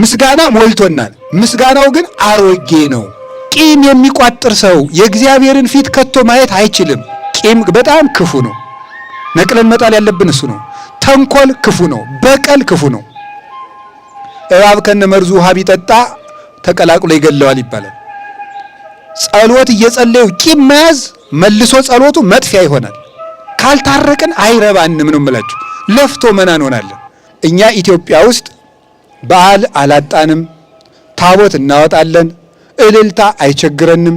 ምስጋና ሞልቶናል። ምስጋናው ግን አሮጌ ነው። ቂም የሚቋጥር ሰው የእግዚአብሔርን ፊት ከቶ ማየት አይችልም። ቂም በጣም ክፉ ነው። ነቅለን መጣል ያለብን እሱ ነው። ተንኮል ክፉ ነው። በቀል ክፉ ነው። እባብ ከነ መርዙ ውሃ ቢጠጣ ተቀላቅሎ ይገለዋል ይባላል። ጸሎት እየጸለዩ ቂም መያዝ መልሶ ጸሎቱ መጥፊያ ይሆናል። ካልታረቅን አይረባንም ነው የምላችሁ። ለፍቶ መና እንሆናለን። እኛ ኢትዮጵያ ውስጥ በዓል አላጣንም፣ ታቦት እናወጣለን፣ እልልታ አይቸግረንም፣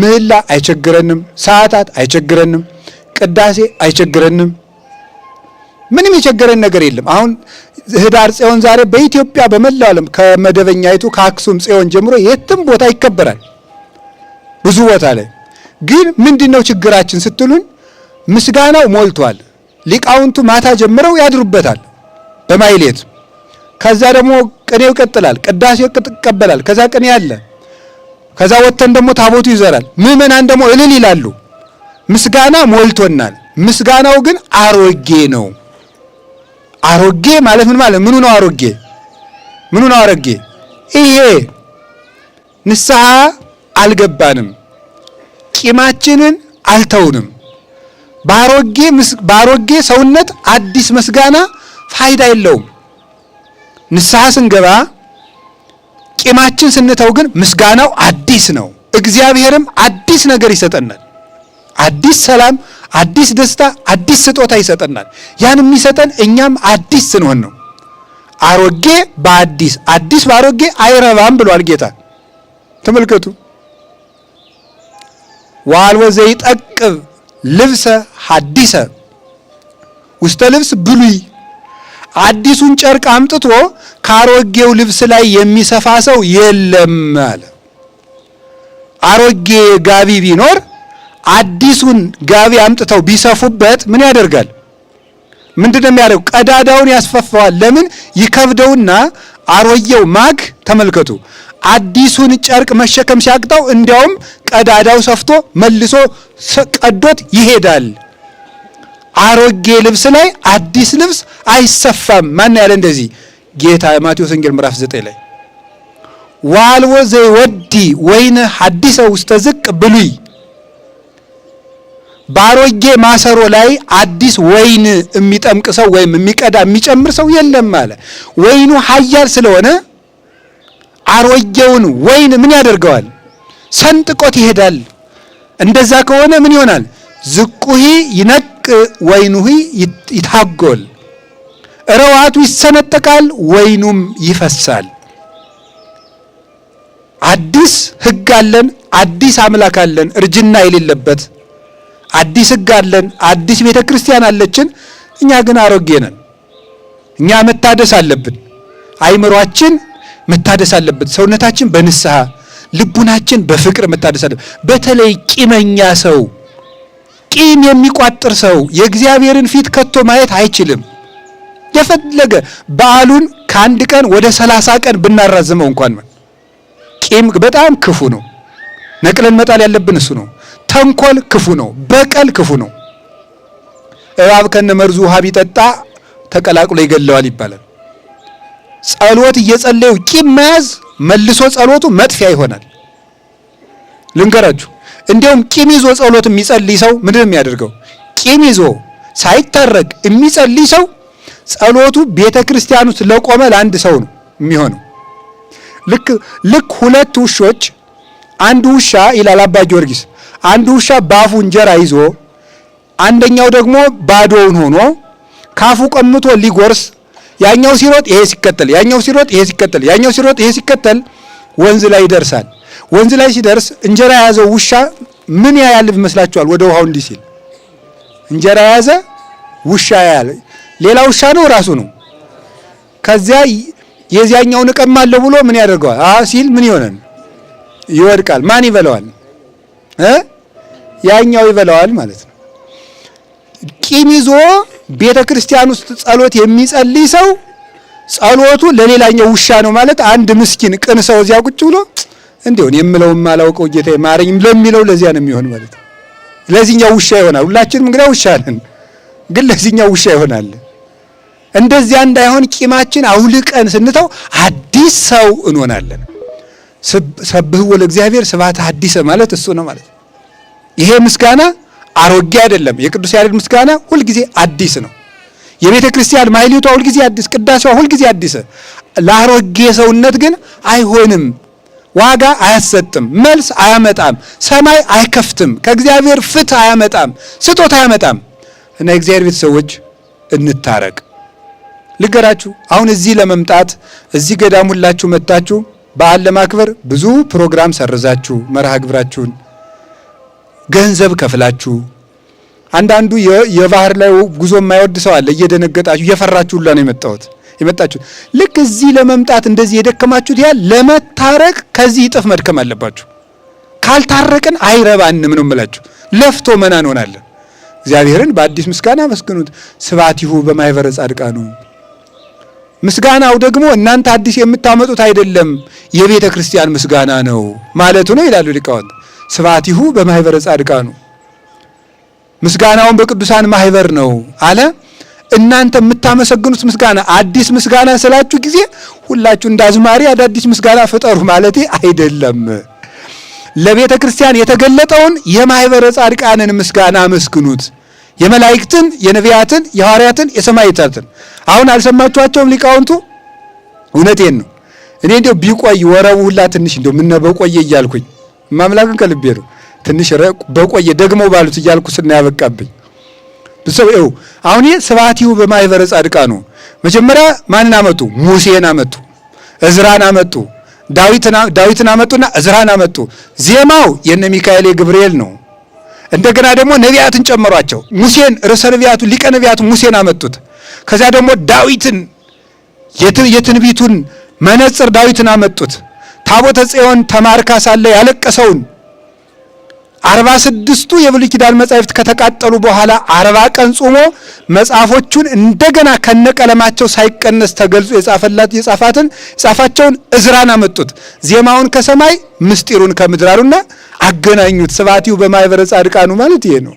ምህላ አይቸግረንም፣ ሰዓታት አይቸግረንም፣ ቅዳሴ አይቸግረንም። ምንም የቸገረን ነገር የለም። አሁን ህዳር ጽዮን ዛሬ በኢትዮጵያ በመላው ዓለም ከመደበኛይቱ ከአክሱም ጽዮን ጀምሮ የትም ቦታ ይከበራል። ብዙ ቦታ ላይ ግን ምንድን ነው ችግራችን ስትሉን፣ ምስጋናው ሞልቷል። ሊቃውንቱ ማታ ጀምረው ያድሩበታል በማይሌት ከዛ ደግሞ ቅኔው ይቀጥላል፣ ቅዳሴ ይቀበላል። ከዛ ቅኔ አለ። ከዛ ወጥተን ደግሞ ታቦቱ ይዘራል። ምእመናን ደግሞ እልል ይላሉ። ምስጋና ሞልቶናል። ምስጋናው ግን አሮጌ ነው። አሮጌ ማለት ምን ማለት ምኑ ነው? አሮጌ ምኑ ነው? አሮጌ ይሄ ንስሐ አልገባንም፣ ቂማችንን አልተውንም። በአሮጌ ሰውነት አዲስ ምስጋና ፋይዳ የለውም። ንስሐ ስንገባ ቂማችን ስንተው ግን ምስጋናው አዲስ ነው። እግዚአብሔርም አዲስ ነገር ይሰጠናል። አዲስ ሰላም፣ አዲስ ደስታ፣ አዲስ ስጦታ ይሰጠናል። ያን የሚሰጠን እኛም አዲስ ስንሆን ነው። አሮጌ በአዲስ አዲስ በአሮጌ አይረባም ብሏል ጌታ። ተመልከቱ። ዋልወ ዘይጠቅብ ልብሰ ሐዲሰ ውስተ ልብስ ብሉይ አዲሱን ጨርቅ አምጥቶ ካሮጌው ልብስ ላይ የሚሰፋ ሰው የለም አለ። አሮጌ ጋቢ ቢኖር አዲሱን ጋቢ አምጥተው ቢሰፉበት ምን ያደርጋል? ምንድን የሚያደርገው? ቀዳዳውን ያስፈፋዋል። ለምን ይከብደውና፣ አሮጌው ማግ ተመልከቱ፣ አዲሱን ጨርቅ መሸከም ሲያቅተው እንዲያውም ቀዳዳው ሰፍቶ መልሶ ቀዶት ይሄዳል። አሮጌ ልብስ ላይ አዲስ ልብስ አይሰፋም። ማን ያለ እንደዚህ? ጌታ ማቴዎስ ወንጌል ምዕራፍ 9 ላይ ዋልዎ ዘይወዲ ወይነ ሐዲሰ ውስተ ዝቅ ብሉይ፣ በአሮጌ ማሰሮ ላይ አዲስ ወይን የሚጠምቅ ሰው ወይም የሚቀዳ የሚጨምር ሰው የለም አለ። ወይኑ ኃያል ስለሆነ አሮጌውን ወይን ምን ያደርገዋል? ሰንጥቆት ይሄዳል። እንደዛ ከሆነ ምን ይሆናል? ዝቁሂ ይነቅ ሐቅ ወይኑሂ ይታጎል፣ እረዋቱ ይሰነጠቃል፣ ወይኑም ይፈሳል። አዲስ ህግ አለን፣ አዲስ አምላክ አለን፣ እርጅና የሌለበት አዲስ ህግ አለን፣ አዲስ ቤተ ክርስቲያን አለችን። እኛ ግን አሮጌ ነን። እኛ መታደስ አለብን። አይምሯችን መታደስ አለበት። ሰውነታችን በንስሐ ልቡናችን በፍቅር መታደስ አለበት። በተለይ ቂመኛ ሰው ቂም የሚቋጥር ሰው የእግዚአብሔርን ፊት ከቶ ማየት አይችልም። የፈለገ በዓሉን ከአንድ ቀን ወደ ሰላሳ ቀን ብናራዝመው እንኳን ቂም በጣም ክፉ ነው። ነቅለን መጣል ያለብን እሱ ነው። ተንኮል ክፉ ነው። በቀል ክፉ ነው። እባብ ከነ መርዙ ውሃ ቢጠጣ ተቀላቅሎ ይገለዋል ይባላል። ጸሎት እየጸለዩ ቂም መያዝ መልሶ ጸሎቱ መጥፊያ ይሆናል። ልንገራችሁ እንዲሁም ቂም ይዞ ጸሎት የሚጸልይ ሰው ምንድን የሚያደርገው? ቂም ይዞ ሳይታረቅ የሚጸልይ ሰው ጸሎቱ ቤተ ክርስቲያን ውስጥ ለቆመ ለአንድ ሰው ነው የሚሆነው። ልክ ልክ ሁለት ውሾች አንድ ውሻ ይላል አባ ጊዮርጊስ፣ አንድ ውሻ በአፉ እንጀራ ይዞ አንደኛው ደግሞ ባዶውን ሆኖ ካፉ ቀምቶ ሊጎርስ ያኛው ሲሮጥ ይሄ ሲከተል፣ ያኛው ሲሮጥ ይሄ ሲከተል፣ ያኛው ሲሮጥ ይሄ ሲከተል ወንዝ ላይ ይደርሳል። ወንዝ ላይ ሲደርስ እንጀራ የያዘው ውሻ ምን ያያል ይመስላችኋል? ወደ ውሃው እንዲህ ሲል እንጀራ የያዘ ውሻ ያያል። ሌላ ውሻ ነው ራሱ ነው። ከዚያ የዚያኛው ንቀም አለው ብሎ ምን ያደርገዋል? አ ሲል ምን ይሆናል? ይወድቃል። ማን ይበለዋል? እ ያኛው ይበላዋል ማለት ነው። ቂም ይዞ ቤተ ክርስቲያን ውስጥ ጸሎት የሚጸልይ ሰው ጸሎቱ ለሌላኛው ውሻ ነው ማለት አንድ ምስኪን ቅን ሰው እዚያ ቁጭ ብሎ እንዲሁን እኔ የምለውም ማላውቀው ጌታ ማረኝ ለሚለው ለዚያ ነው የሚሆን ማለት ነው። ለዚህኛው ውሻ ይሆናል። ሁላችንም እንግዲህ ውሻ ነን፣ ግን ለዚህኛው ውሻ ይሆናል። እንደዚያ እንዳይሆን ቂማችን አውልቀን ስንተው አዲስ ሰው እንሆናለን። ሰብህ ወለ እግዚአብሔር ስባት ሐዲሰ ማለት እሱ ነው ማለት ነው። ይሄ ምስጋና አሮጌ አይደለም። የቅዱስ ያሬድ ምስጋና ሁልጊዜ አዲስ ነው። የቤተ ክርስቲያን ማሕሌቷ ሁልጊዜ አዲስ፣ ቅዳሴዋ ሁልጊዜ አዲስ። ለአሮጌ ሰውነት ግን አይሆንም። ዋጋ አያሰጥም፣ መልስ አያመጣም፣ ሰማይ አይከፍትም፣ ከእግዚአብሔር ፍትህ አያመጣም፣ ስጦታ አያመጣም። እና የእግዚአብሔር ቤተሰቦች እንታረቅ። ልገራችሁ፣ አሁን እዚህ ለመምጣት እዚህ ገዳም ሁላችሁ መጥታችሁ በዓል ለማክበር ብዙ ፕሮግራም ሰርዛችሁ መርሃ ግብራችሁን ገንዘብ ከፍላችሁ አንዳንዱ የባህር ላይ ጉዞ የማይወድ ሰው አለ። እየደነገጣችሁ እየፈራችሁ ሁላ ነው የመጣሁት የመጣችሁት። ልክ እዚህ ለመምጣት እንደዚህ የደከማችሁት ያህል ለመታረቅ ከዚህ እጥፍ መድከም አለባችሁ። ካልታረቅን አይረባንም ነው የምላችሁ። ለፍቶ መና እንሆናለን። እግዚአብሔርን በአዲስ ምስጋና አመስግኑት። ስብሐቲሁ በማኅበረ ጻድቃኑ። ምስጋናው ደግሞ እናንተ አዲስ የምታመጡት አይደለም፣ የቤተ ክርስቲያን ምስጋና ነው ማለቱ ነው ይላሉ ሊቃውንት። ስብሐቲሁ በማኅበረ ጻድቃኑ ምስጋናውን በቅዱሳን ማኅበር ነው አለ። እናንተ የምታመሰግኑት ምስጋና አዲስ ምስጋና ስላችሁ ጊዜ ሁላችሁ እንደ አዝማሪ አዳዲስ ምስጋና ፍጠሩ ማለቴ አይደለም። ለቤተ ክርስቲያን የተገለጠውን የማኅበረ ጻድቃንን ምስጋና አመስግኑት። የመላእክትን፣ የነቢያትን፣ የሐዋርያትን፣ የሰማዕታትን አሁን አልሰማችኋቸውም ሊቃውንቱ? እውነቴን ነው። እኔ እንዲያው ቢቆይ ወረቡ ሁላ ትንሽ እንዲያው ምነው በቆየ እያልኩኝ ማምላክን ከልቤ ነው ትንሽ በቆየ ደግሞ ባሉት እያልኩ ስናያበቃብኝ ብሰው አሁን ስብሐቲሁ በማኅበረ ጻድቃኑ መጀመሪያ ማንን አመጡ? ሙሴን አመጡ፣ እዝራን አመጡ፣ ዳዊትን አመጡና እዝራን አመጡ። ዜማው የነ ሚካኤል የገብርኤል ነው። እንደገና ደግሞ ነቢያትን ጨመሯቸው። ሙሴን ርዕሰ ነቢያቱ ሊቀ ነቢያቱ ሙሴን አመጡት። ከዚያ ደግሞ ዳዊትን የትንቢቱን መነጽር ዳዊትን አመጡት። ታቦተ ጽዮን ተማርካ ሳለ ያለቀሰውን አርባ ስድስቱ የብሉይ ኪዳን መጻሕፍት ከተቃጠሉ በኋላ አርባ ቀን ጾሞ መጽሐፎቹን እንደገና ከነቀለማቸው ሳይቀነስ ተገልጾ የጻፈላት የጻፋትን ጻፋቸውን እዝራን አመጡት። ዜማውን ከሰማይ ምስጢሩን ከምድር አሉና አገናኙት። ስብሐቲሁ በማኅበረ ጻድቃኑ ማለት ይሄ ነው።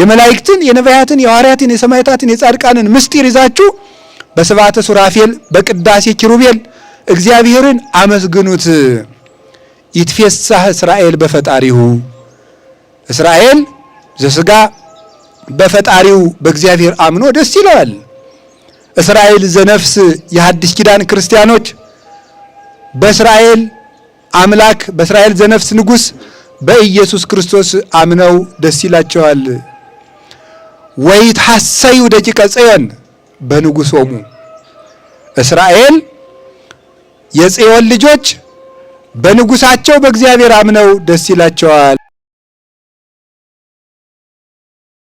የመላእክትን፣ የነቢያትን፣ የሐዋርያትን፣ የሰማዕታትን፣ የጻድቃንን ምስጢር ይዛችሁ በስብሐተ ሱራፌል በቅዳሴ ኪሩቤል እግዚአብሔርን አመስግኑት። ይትፌሳህ እስራኤል በፈጣሪሁ እስራኤል ዘስጋ በፈጣሪው በእግዚአብሔር አምኖ ደስ ይለዋል። እስራኤል ዘነፍስ የሐዲስ ኪዳን ክርስቲያኖች በእስራኤል አምላክ በእስራኤል ዘነፍስ ንጉሥ በኢየሱስ ክርስቶስ አምነው ደስ ይላቸዋል። ወይትሐሰዩ ደቂቀ ጽዮን በንጉሶሙ እስራኤል የጽዮን ልጆች በንጉሳቸው በእግዚአብሔር አምነው ደስ ይላቸዋል።